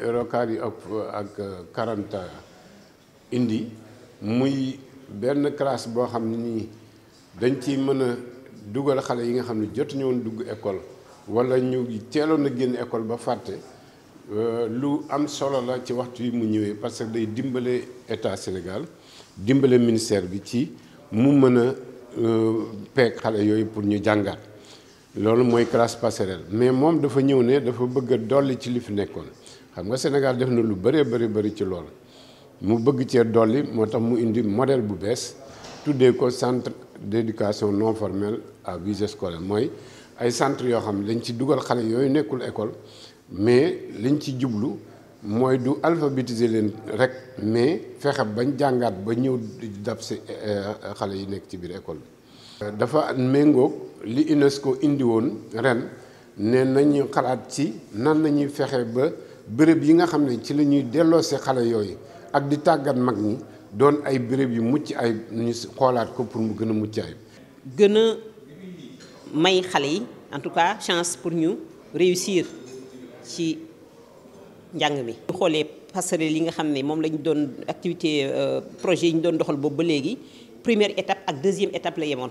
rokaat yi ëpp ak quarante indi muy benn classe boo xam ne dañ ci mën a dugal xale yi nga xam ne jotuñu woon dugg école wala ñu teeloon a génn école ba fàtte euh, lu am solo la ci waxtu yi mu ñëwee parce que day dimbale état Sénégal dimbale ministère bi ci mu mën a euh, peeg xale yooyu pour ñu jàngaat loolu mooy classe passerelle mais moom dafa ñëw ne dafa bëgg a dolli ci li fi nekkoon xam nga Sénégal def na lu bëree bëri bëri ci lool mu bëgg cee dolli moo tax mu indi modèle bu bees tuddee ko centre d'éducation non formelle à visée scolaire mooy ay centre yoo xam ne dañ ci dugal xale yooyu nekkul école mais liñ ci jublu mooy du alphabétiser leen rek mais fexe bañ jàngaat ba ñëw dab si eh, eh, xale yi nekk ci biir école bi. dafa méngoog li UNESCO indi woon ren ne nañu xalaat ci nan nañuy fexe ba. bëreb yi nga xam ne ci la ñuy delloose xale yooyu ak di tàggat mag ñi doon ay bëreb yu mucc ay ñu xoolaat ko pour mu gën a mucc ay gën a may xale yi en tout cas chance pour ñu réussir ci njàng mi. ñu xoolee passerelle yi nga xam ne moom lañ doon activité euh, projet yi ñu doon doxal boobu ba léegi première étape ak deuxième étape la yemoon.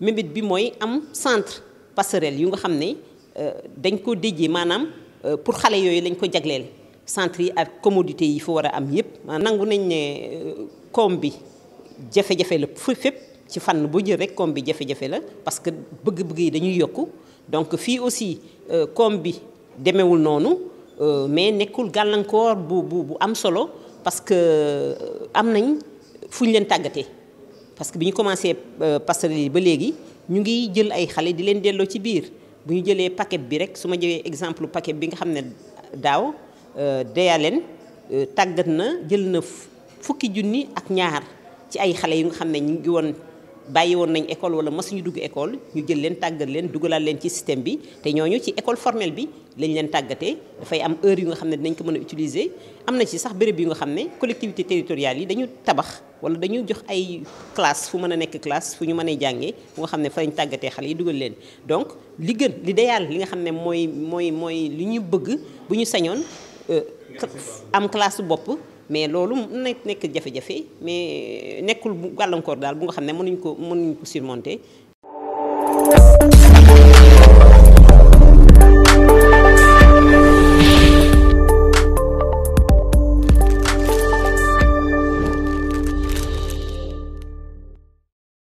mébét bi moy am centre passerelle yu nga xamné euh, dañ ko déjee manam euh, pour xalé yooyu lañ ko jagleel centre yi ak commodité yi fo wara am yépp nangu nañ né euh, koom bi jafé jafe la fu ci fann bu jël rek koom bi jafé jafe la parce que bëgg-bëgg yi dañuy yokku donc fi aussi koom bi demewul noonu mais nekkul gàllankoor bu bu bu am solo parce que am nañ fu leen tagaté parce que bi ñu commencé euh, passerelle yi ba léegi ñu ngi jël ay xale di leen delloo ci biir bu ñu jëlee paquet bi rek su ma jëlee exemple paquet bi nga xam ne daaw euh, Deyalène euh, tàggat na jël na fukki junni ak ñaar ci ay xale yu nga xam ne ñu ngi woon bàyyi woon nañ école wala masuñu dugg école ñu jël leen tàggat leen dugalaat leen ci système bi te ñooñu ci école formelle bi lañ leen tàggatee dafay am heure yu nga xam ne dinañ ko mën a utiliser am na ci sax béréb yu nga xam ne collectivité territoriale yi dañu tabax wala dañu jox ay classe fu mën a nekk classe fu ñu mënee jàngee fu nga xam ne fa lañ tàggatee xale yi dugal leen donc li gën li déyaal li nga xam ne mooy mooy mooy li ñu bëgg bu ñu sañoon euh, am classe bopp mais loolu nek nek jafé jafé mais nekul bu gàllankoor dal bu nga xamné ne mënuñ ko mënuñ ko surmonter